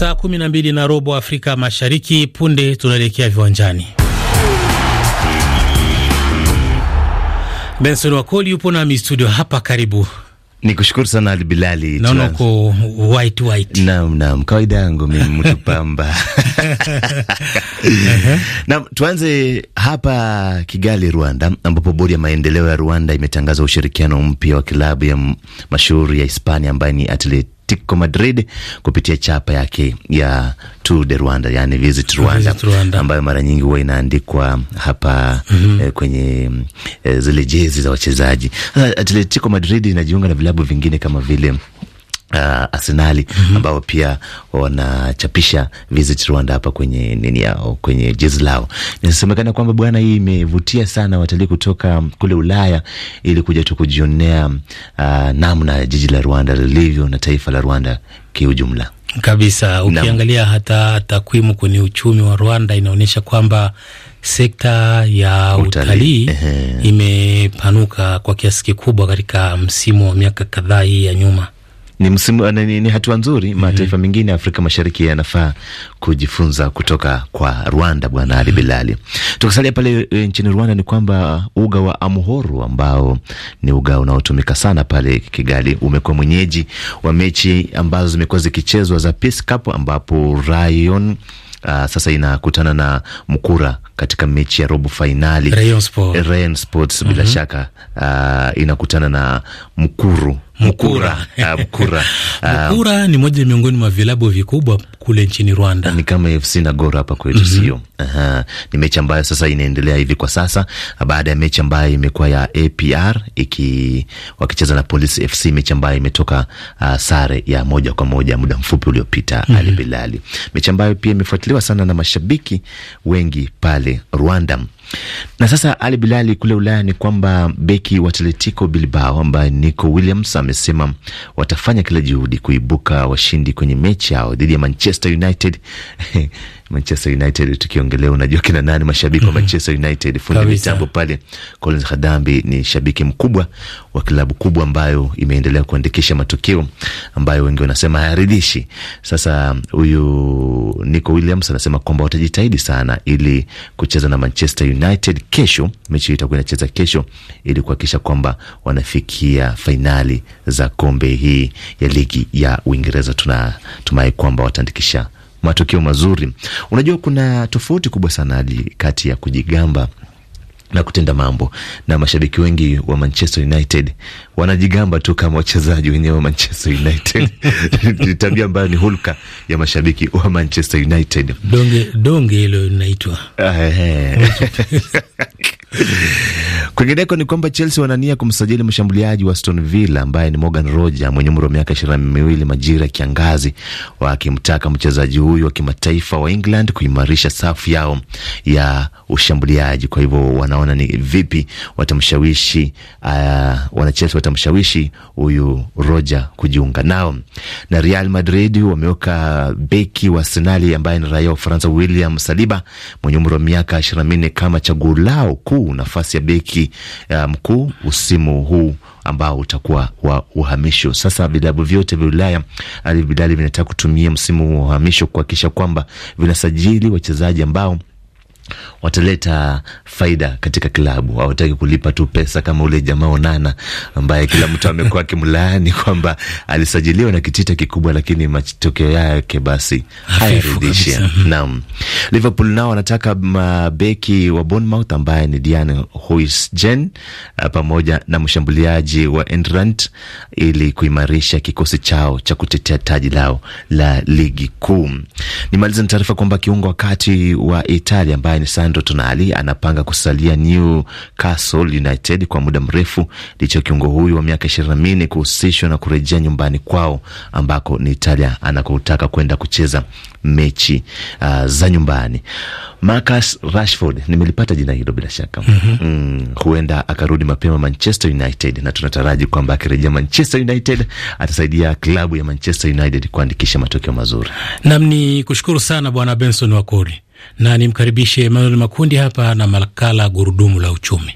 Saa 12 na robo Afrika Mashariki. Punde tunaelekea viwanjani. Benson Wakoli yupo nami studio hapa, karibu. Ni kushukuru sana Ali Bilali. Naona uko white white. Naam, naam, kawaida yangu mimi mtu pamba. Naam, tuanze hapa Kigali, Rwanda, ambapo bodi ya maendeleo ya Rwanda imetangaza ushirikiano mpya wa klabu ya mashuhuri ya Hispania ambaye ni Atleti Atletico Madrid kupitia chapa yake ya Tour de Rwanda, yani Visit Rwanda, ambayo mara nyingi huwa inaandikwa hapa mm -hmm. eh, kwenye eh, zile jezi za wachezaji. Ah, Atletico Madrid inajiunga na vilabu vingine kama vile Uh, Arsenali mm -hmm. ambao pia wanachapisha Visit Rwanda hapa kwenye nini yao kwenye jezi lao. Inasemekana kwamba bwana, hii imevutia sana watalii kutoka kule Ulaya ili kuja tu kujionea uh, namna jiji la Rwanda lilivyo na taifa la Rwanda kiujumla kabisa. Ukiangalia hata takwimu kwenye uchumi wa Rwanda inaonyesha kwamba sekta ya utalii utali imepanuka kwa kiasi kikubwa katika msimu wa miaka kadhaa hii ya nyuma ni, msimu, eh, ni, ni hatua nzuri. Mhm. Mataifa mengine mm -hmm. ya Afrika Mashariki yanafaa kujifunza kutoka kwa Rwanda. Bwana Ali Bilali, tukisalia pale e, nchini Rwanda ni kwamba uga wa amhoru ambao ni uga unaotumika sana pale Kigali umekuwa mwenyeji wa mechi ambazo zimekuwa zikichezwa za Peace Cup ambapo Rayon Uh, sasa inakutana na mkura katika mechi ya robo fainali. Rayon Sports bila mm -hmm. shaka uh, inakutana na mkuru Mukura. Ah, Mukura. Mukura. Mukura ni moja miongoni mwa vilabu vikubwa kule nchini Rwanda, ni kama FC na Gor hapa kwetu, mhm. sio? Ni mechi ambayo sasa inaendelea hivi kwa sasa baada ya mechi ambayo imekuwa ya APR iki wakicheza na Police FC, mechi ambayo imetoka uh, sare ya moja kwa moja muda mfupi uliopita. mm -hmm. Ali Bilali, mechi ambayo pia imefuatiliwa sana na mashabiki wengi pale Rwanda. Na sasa Ali Bilali, kule Ulaya ni kwamba beki wa Atletico Bilbao ambaye Nico Williams amesema watafanya kila juhudi kuibuka washindi kwenye mechi yao dhidi ya Manchester United Manchester United tukiongelea, unajua kina nani mashabiki wa mhm. Manchester United, fundi mitambo pale Collins Hadambi ni shabiki mkubwa wa klabu kubwa ambayo imeendelea kuandikisha matukio ambayo wengi wanasema hayaridhishi. Sasa huyu Nico Williams anasema kwamba watajitahidi sana ili kucheza na Manchester United kesho, mechi itakuwa inacheza kesho, ili kuhakikisha kwamba wanafikia fainali za kombe hii ya ligi ya Uingereza. Tunatumai kwamba wataandikisha matokeo mazuri. Unajua, kuna tofauti kubwa sana hadi kati ya kujigamba na kutenda mambo, na mashabiki wengi wa Manchester United wanajigamba tu kama wachezaji wenyewe wa Manchester United. Ni tabia ambayo ni hulka ya mashabiki wa Manchester United. Donge donge hilo linaitwa Kwingineko ni kwamba Chelsea wanania kumsajili mshambuliaji wa Aston Villa ambaye ni Morgan Roger mwenye umri wa miaka ishirini na miwili majira ya kiangazi, wakimtaka mchezaji huyu wa kimataifa wa England kuimarisha safu yao ya ushambuliaji. Kwa hivyo wanaona ni vipi watamshawishi, uh, wanachelsea watamshawishi huyu Roger kujiunga nao. Na Real Madrid wameweka beki wa Arsenali ambaye ni raia wa Ufaransa William Saliba mwenye umri wa miaka ishirini na minne kama chaguo lao kuu mkuu, nafasi ya beki uh, mkuu usimu huu ambao utakuwa wa uhamisho. Sasa vilabu vyote vya Ulaya Al Hilal vinataka kutumia msimu wa uhamisho kuhakikisha kwamba vinasajili wachezaji ambao wataleta faida katika klabu. Hawataki kulipa tu pesa kama ule jamaa Onana ambaye kila mtu amekuwa akimlaani kwamba alisajiliwa na kitita kikubwa, lakini matokeo yake basi hayaridhishi. Naam, Liverpool nao wanataka mabeki wa Bournemouth ambaye ni Dian Hoijsen eh, pamoja na mshambuliaji wa Eintracht ili kuimarisha kikosi chao cha kutetea taji lao la ligi kuu. Nimaliza na taarifa kwamba kiungo wakati wa Italia ambaye ambaye ni Sandro Tonali anapanga kusalia Newcastle United kwa muda mrefu licha kiungo huyu wa miaka ishirini na minne kuhusishwa na kurejea nyumbani kwao ambako ni Italia anakotaka kwenda kucheza mechi uh, za nyumbani. Marcus Rashford, nimelipata jina hilo bila shaka. mm -hmm. Mm, huenda akarudi mapema Manchester United na tunataraji kwamba akirejea Manchester United atasaidia klabu ya Manchester United kuandikisha matokeo mazuri. Nam ni kushukuru sana Bwana Benson Wakori na nimkaribishe Emmanuel Makundi hapa na makala Gurudumu la Uchumi.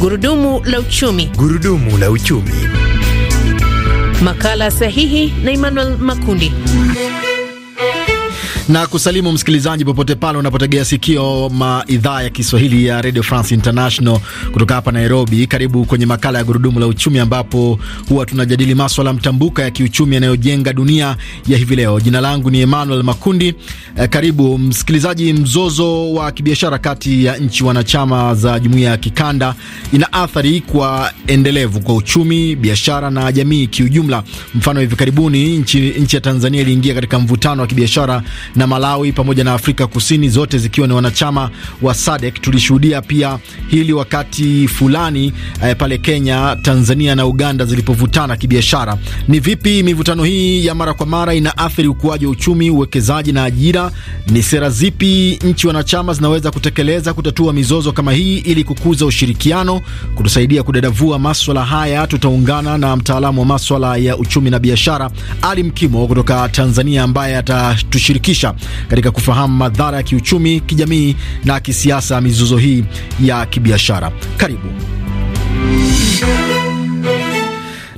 Gurudumu la Uchumi, Gurudumu la Uchumi, makala sahihi na Emmanuel Makundi na kusalimu msikilizaji popote pale unapotegea sikio maidhaa ya Kiswahili ya Radio France International kutoka hapa Nairobi. Karibu kwenye makala ya gurudumu la uchumi, ambapo huwa tunajadili maswala mtambuka ya kiuchumi yanayojenga dunia ya hivi leo. Jina langu ni Emmanuel Makundi. Eh, karibu msikilizaji. Mzozo wa kibiashara kati ya nchi wanachama za jumuiya ya kikanda ina athari kwa endelevu kwa uchumi, biashara na jamii kiujumla. Mfano, hivi karibuni nchi, nchi ya Tanzania iliingia katika mvutano wa kibiashara na Malawi pamoja na Afrika Kusini, zote zikiwa ni wanachama wa SADC. Tulishuhudia pia hili wakati fulani eh, pale Kenya, Tanzania na Uganda zilipovutana kibiashara. Ni vipi mivutano hii ya mara kwa mara inaathiri ukuaji wa uchumi, uwekezaji na ajira? Ni sera zipi nchi wanachama zinaweza kutekeleza kutatua mizozo kama hii ili kukuza ushirikiano? Kutusaidia kudadavua maswala haya, tutaungana na mtaalamu wa maswala ya uchumi na biashara Ali Mkimo kutoka Tanzania ambaye atatushirikisha kujielimisha katika kufahamu madhara ya kiuchumi, kijamii na kisiasa mizozo hii ya kibiashara. Karibu.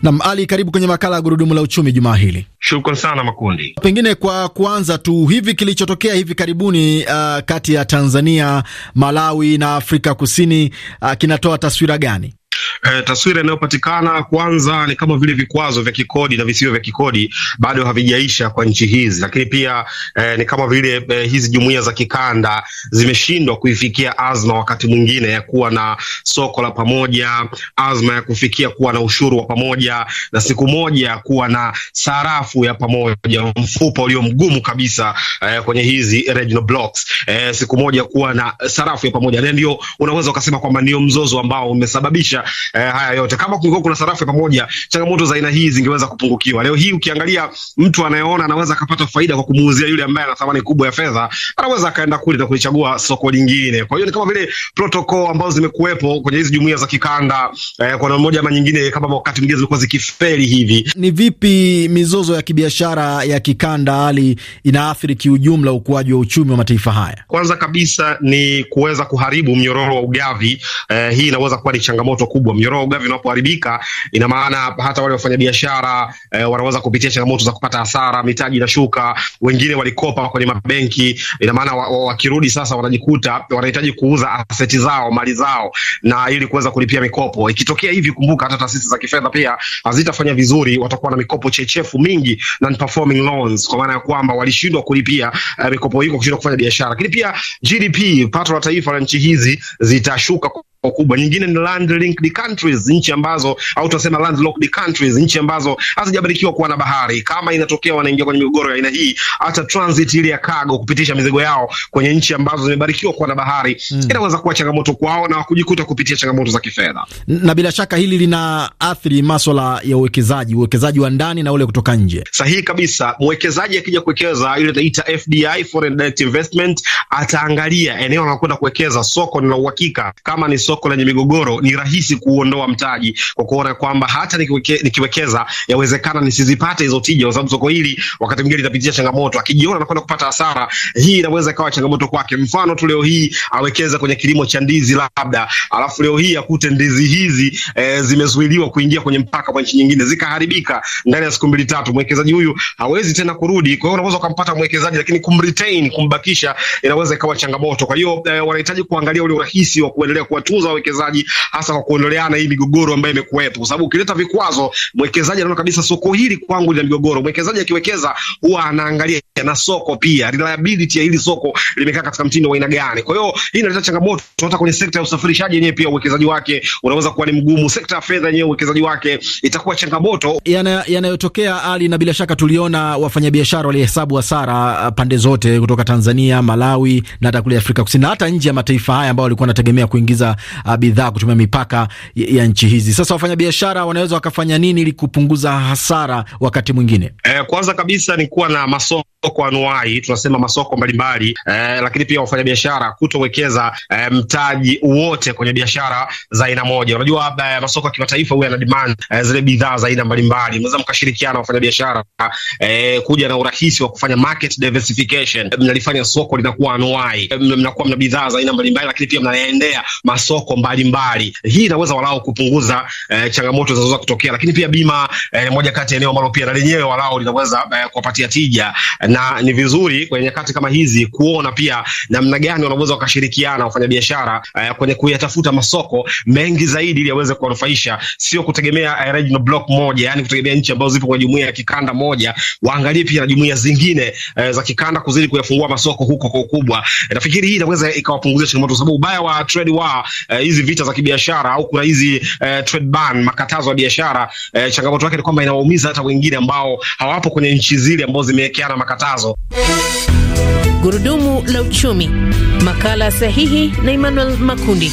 Nam Ali, karibu kwenye makala ya gurudumu la uchumi jumaa hili. Shukran sana Makundi. Pengine kwa kuanza tu, hivi kilichotokea hivi karibuni uh, kati ya Tanzania, Malawi na Afrika Kusini uh, kinatoa taswira gani? e, taswira inayopatikana kwanza ni kama vile vikwazo vya kikodi na visivyo vya kikodi bado havijaisha kwa nchi hizi, lakini pia e, ni kama vile e, hizi jumuiya za kikanda zimeshindwa kuifikia azma wakati mwingine ya kuwa na soko la pamoja, azma ya kufikia kuwa na ushuru wa pamoja, na siku moja kuwa na sarafu ya pamoja, mfupa ulio mgumu kabisa e, kwenye hizi regional blocks e, siku moja kuwa na sarafu ya pamoja, na ndio unaweza ukasema kwamba ndio mzozo ambao umesababisha eh, haya yote. Kama kungekuwa kuna sarafu ya pamoja, changamoto za aina hii zingeweza kupungukiwa. Leo hii ukiangalia, mtu anayeona anaweza akapata faida kwa kumuuzia yule ambaye ana thamani kubwa ya fedha, anaweza akaenda kule na kulichagua soko lingine. Kwa hiyo ni kama vile protokol ambazo zimekuwepo kwenye hizi jumuiya za kikanda eh, kwa namna moja ama nyingine, kama wakati mwingine zilikuwa zikifeli hivi. Ni vipi mizozo ya kibiashara ya kikanda hali inaathiri kiujumla ukuaji wa uchumi wa mataifa haya? Kwanza kabisa ni kuweza kuharibu mnyororo wa ugavi. Eh, hii inaweza kuwa ni changamoto kubwa kujoroga vinapoharibika, ina maana hata wale wafanyabiashara e, wanaweza kupitia changamoto za kupata hasara, mitaji inashuka, wengine walikopa kwenye mabenki, ina maana wakirudi wa, wa sasa wanajikuta wanahitaji kuuza aseti zao, mali zao, na ili kuweza kulipia mikopo. Ikitokea hivi, kumbuka hata taasisi za kifedha pia hazitafanya vizuri, watakuwa na mikopo chechefu mingi, non performing loans, kwa maana ya kwamba walishindwa kulipia eh, mikopo hiyo, kushindwa kufanya biashara. Lakini pia GDP, pato la taifa la nchi hizi zitashuka kwa kubwa. Nyingine ni land linked countries, nchi ambazo au tunasema locked countries, nchi ambazo hazijabarikiwa kuwa na bahari. Kama inatokea wanaingia kwenye migogoro ya aina hii, hata transit ile ya cargo kupitisha mizigo yao kwenye nchi ambazo zimebarikiwa kuwa na bahari hmm, inaweza kuwa changamoto kwao na kujikuta kupitia changamoto za kifedha, na bila shaka hili lina athiri maswala ya uwekezaji, uwekezaji wa ndani na ule kutoka nje. Sahihi kabisa. Mwekezaji akija kuwekeza ile tunaita FDI, foreign direct investment, ataangalia eneo anakwenda kuwekeza, soko lina uhakika kama ni soko soko lenye migogoro, ni rahisi kuondoa mtaji kwa kuona kwamba hata nikiweke, nikiwekeza yawezekana nisizipate hizo tija, kwa sababu soko hili wakati mwingine litapitia changamoto. Akijiona anakwenda kupata hasara, hii inaweza ikawa changamoto kwake. Mfano tu leo hii awekeza kwenye kilimo cha ndizi labda, alafu leo hii akute ndizi hizi e, zimezuiliwa kuingia kwenye mpaka kwa nchi nyingine, zikaharibika ndani ya siku mbili tatu, mwekezaji huyu hawezi tena kurudi. Kwa hiyo unaweza ukampata mwekezaji, lakini kumretain, kumbakisha inaweza ikawa changamoto. Kwa hiyo e, wanahitaji kuangalia ule urahisi wa kuendelea kuwatunza kuwakuza wawekezaji hasa kwa kuondoleana hii migogoro ambayo imekuwepo, kwa sababu ukileta vikwazo, mwekezaji anaona kabisa soko hili kwangu lina migogoro. Mwekezaji akiwekeza huwa anaangalia na soko pia, reliability ya hili soko limekaa katika mtindo wa aina gani. Kwa hiyo hii inaleta changamoto hata kwenye sekta ya usafirishaji yenyewe, pia uwekezaji wake unaweza kuwa ni mgumu. Sekta ya fedha yenyewe uwekezaji wake itakuwa changamoto yanayotokea yana ali, na bila shaka tuliona wafanyabiashara walihesabu hasara uh, pande zote kutoka Tanzania, Malawi na hata kule Afrika Kusini na hata nje ya mataifa haya ambao walikuwa wanategemea kuingiza uh, bidhaa kutumia mipaka ya, ya nchi hizi. Sasa wafanyabiashara wanaweza wakafanya nini ili kupunguza hasara wakati mwingine? Eh, kwanza kabisa ni kuwa na masomo masoko anuai, tunasema masoko mbalimbali eh, lakini pia wafanyabiashara kutowekeza eh, mtaji wote kwenye biashara za aina moja. Unajua eh, masoko ya kimataifa huwa yana demand eh, zile bidhaa za aina mbalimbali. Mnaweza mkashirikiana wafanyabiashara eh, kuja na urahisi wa kufanya market diversification, mnalifanya soko linakuwa anuai, eh, mnakuwa mna bidhaa za aina mbalimbali, lakini pia mnaendea masoko mbalimbali. Hii inaweza walau kupunguza eh, changamoto zinazoweza kutokea, lakini pia bima eh, moja kati ya eneo ambalo pia na lenyewe walau linaweza eh, kuwapatia tija eh, na ni vizuri kwenye nyakati kama hizi kuona pia namna gani wanaweza wakashirikiana wafanyabiashara uh, kwenye kuyatafuta masoko mengi zaidi ili yaweze kuwanufaisha, sio kutegemea uh, eh, regional block moja, yani kutegemea nchi ambazo zipo kwenye jumuiya ya kikanda moja. Waangalie pia na jumuiya zingine uh, za kikanda kuzidi kuyafungua masoko huko kwa ukubwa. Nafikiri hii inaweza ikawapunguzia changamoto, sababu ubaya wa trade war hizi uh, vita za kibiashara au kuna hizi uh, trade ban, makatazo ya biashara uh, changamoto yake ni kwamba inawaumiza hata wengine ambao hawapo kwenye nchi zile ambazo zimewekeana makatazo zifuatazo. Gurudumu la uchumi, makala sahihi na Emmanuel Makundi.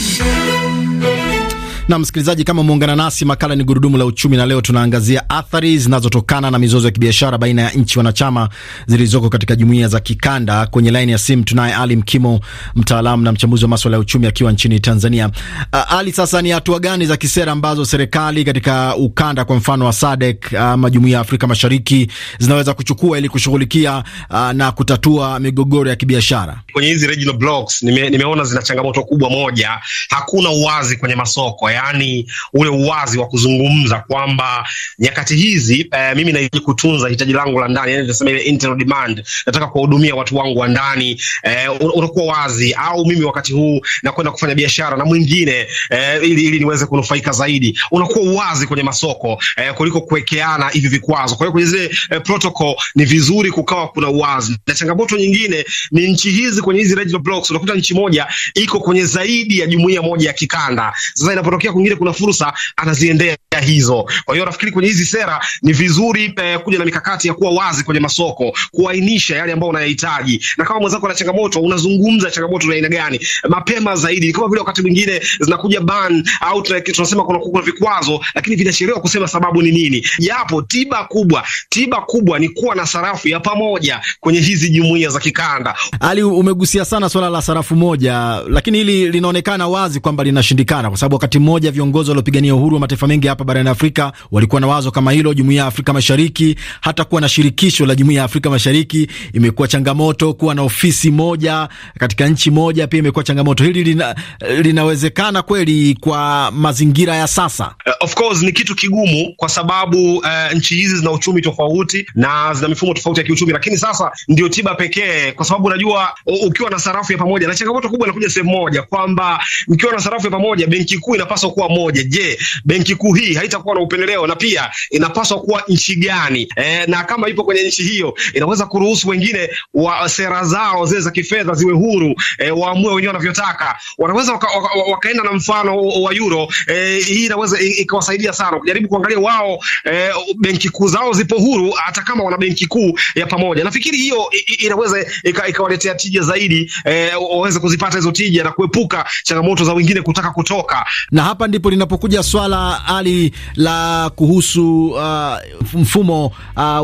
Na msikilizaji, kama umeungana nasi, makala ni gurudumu la uchumi, na leo tunaangazia athari zinazotokana na mizozo ya kibiashara baina ya nchi wanachama zilizoko katika jumuiya za kikanda. Kwenye laini ya simu tunaye Ali Mkimo, mtaalamu na mchambuzi wa maswala ya uchumi akiwa nchini Tanzania. Uh, Ali, sasa ni hatua gani za kisera ambazo serikali katika ukanda, kwa mfano wa SADC ama uh, jumuiya ya Afrika Mashariki zinaweza kuchukua ili kushughulikia uh, na kutatua migogoro ya kibiashara kwenye hizi regional blocks? Nime, nimeona zina changamoto kubwa. Moja, hakuna uwazi kwenye masoko ya yaani ule uwazi wa kuzungumza kwamba nyakati hizi eh, mimi nahitaji kutunza hitaji langu la ndani, yani tunasema ile internal demand, nataka kuwahudumia watu wangu wa ndani eh, unakuwa wazi, au mimi wakati huu nakwenda kufanya biashara na mwingine eh, ili, ili niweze kunufaika zaidi. Unakuwa uwazi kwenye masoko eh, kuliko kuwekeana hivi vikwazo. Kwa hiyo kwenye zile eh, protocol ni vizuri kukawa kuna uwazi, na changamoto nyingine ni nchi hizi kwenye hizi regional blocks, unakuta nchi moja iko kwenye zaidi ya jumuiya moja ya kikanda. Sasa inapotokea akifika kwingine kuna fursa anaziendea hizo. Kwa hiyo nafikiri kwenye hizi sera ni vizuri eh, kuja na mikakati ya kuwa wazi kwenye masoko, kuainisha yale ambayo unayahitaji, na kama mwenzako ana changamoto unazungumza changamoto na aina gani mapema zaidi. Ni kama vile wakati mwingine zinakuja ban au tunasema kuna kuna vikwazo, lakini vinachelewa kusema sababu ni nini, japo tiba kubwa tiba kubwa ni kuwa na sarafu ya pamoja kwenye hizi jumuiya za kikanda. Ali, umegusia sana swala la sarafu moja, lakini hili linaonekana wazi kwamba linashindikana kwa sababu wakati mmoja moja viongozi waliopigania uhuru wa mataifa mengi hapa barani Afrika walikuwa na wazo kama hilo. Jumuiya ya Afrika Mashariki, hata kuwa na shirikisho la Jumuiya ya Afrika Mashariki imekuwa changamoto. Kuwa na ofisi moja katika nchi moja pia imekuwa changamoto. Hili lina, linawezekana kweli kwa mazingira ya sasa? Uh, of course ni kitu kigumu kwa sababu uh, nchi hizi zina uchumi tofauti na zina mifumo tofauti ya kiuchumi, lakini sasa ndio tiba pekee, kwa sababu unajua ukiwa na sarafu ya pamoja, na changamoto kubwa inakuja sehemu moja kwamba mkiwa na sarafu ya pamoja, benki kuu inapaswa inapaswa kuwa moja. Je, benki kuu hii haitakuwa na upendeleo? Na pia inapaswa kuwa nchi gani? E, na kama ipo kwenye nchi hiyo inaweza kuruhusu wengine wa sera zao zile za kifedha ziwe huru, e, waamue wenyewe wanavyotaka. Wanaweza waka, waka, wakaenda na mfano wa euro. E, hii inaweza ikawasaidia sana kujaribu kuangalia wao, e, benki kuu zao zipo huru, hata kama wana benki kuu ya pamoja. Nafikiri hiyo inaweza ikawaletea tija zaidi, e, waweze kuzipata hizo tija na kuepuka changamoto za wengine kutaka kutoka na hapa ndipo linapokuja swala ali la kuhusu uh, mfumo uh,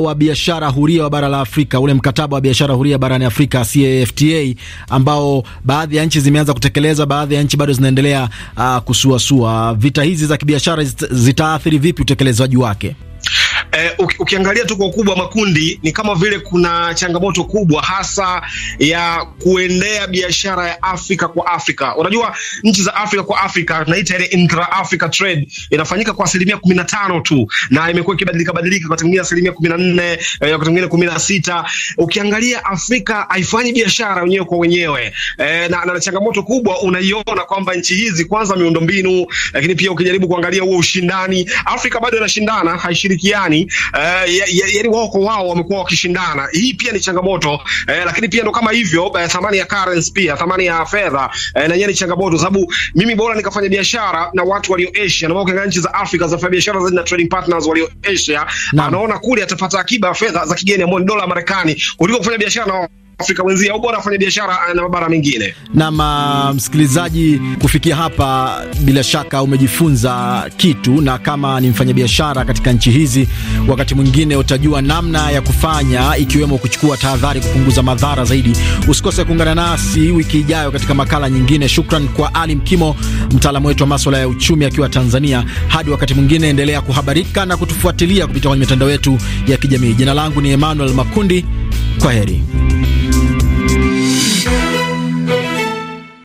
wa biashara huria wa bara la Afrika, ule mkataba wa biashara huria barani Afrika CAFTA, ambao baadhi ya nchi zimeanza kutekeleza, baadhi ya nchi bado zinaendelea uh, kusuasua. Vita hizi za kibiashara zitaathiri vipi utekelezaji wake? eh, ukiangalia tu kwa ukubwa makundi ni kama vile kuna changamoto kubwa hasa ya kuendea biashara ya Afrika kwa Afrika. Unajua nchi za Afrika kwa Afrika tunaita ile intra Africa trade inafanyika kwa asilimia 15 tu, na imekuwa ikibadilika badilika, kwa mwingine asilimia 14 eh, kwa wakati 16. Ukiangalia Afrika haifanyi biashara wenyewe kwa wenyewe eh, na, na changamoto kubwa unaiona kwamba nchi hizi kwanza miundombinu, lakini pia ukijaribu kuangalia huo ushindani, Afrika bado inashindana, haishirikiani eh, yaani wao kwa wao wamekuwa wakishindana. Hii pia ni changamoto eh, lakini pia ndo kama hivyo eh, thamani ya currency pia thamani ya fedha eh, na yeye ni changamoto, sababu mimi bora nikafanya biashara na watu walio Asia, na ukiangalia nchi za Afrika zinafanya biashara zaidi na trading partners walio Asia, anaona kule atapata akiba ya fedha za kigeni ambayo ni dola Marekani kuliko kufanya biashara na Afrika wenzia au bora biashara eh, na mabara mengine. Na ah, msikilizaji, kufikia hapa, bila shaka umejifunza kitu, na kama ni mfanyabiashara katika nchi hizi, wakati mwingine utajua namna ya kufanya, ikiwemo kuchukua tahadhari, kupunguza madhara zaidi. Usikose kuungana nasi wiki ijayo katika makala nyingine. Shukran kwa Ali Mkimo, mtaalamu wetu wa masuala ya uchumi akiwa Tanzania. Hadi wakati mwingine, endelea kuhabarika na kutufuatilia kupitia kwenye mitandao yetu ya kijamii. Jina langu ni Emmanuel Makundi. Kwa heri.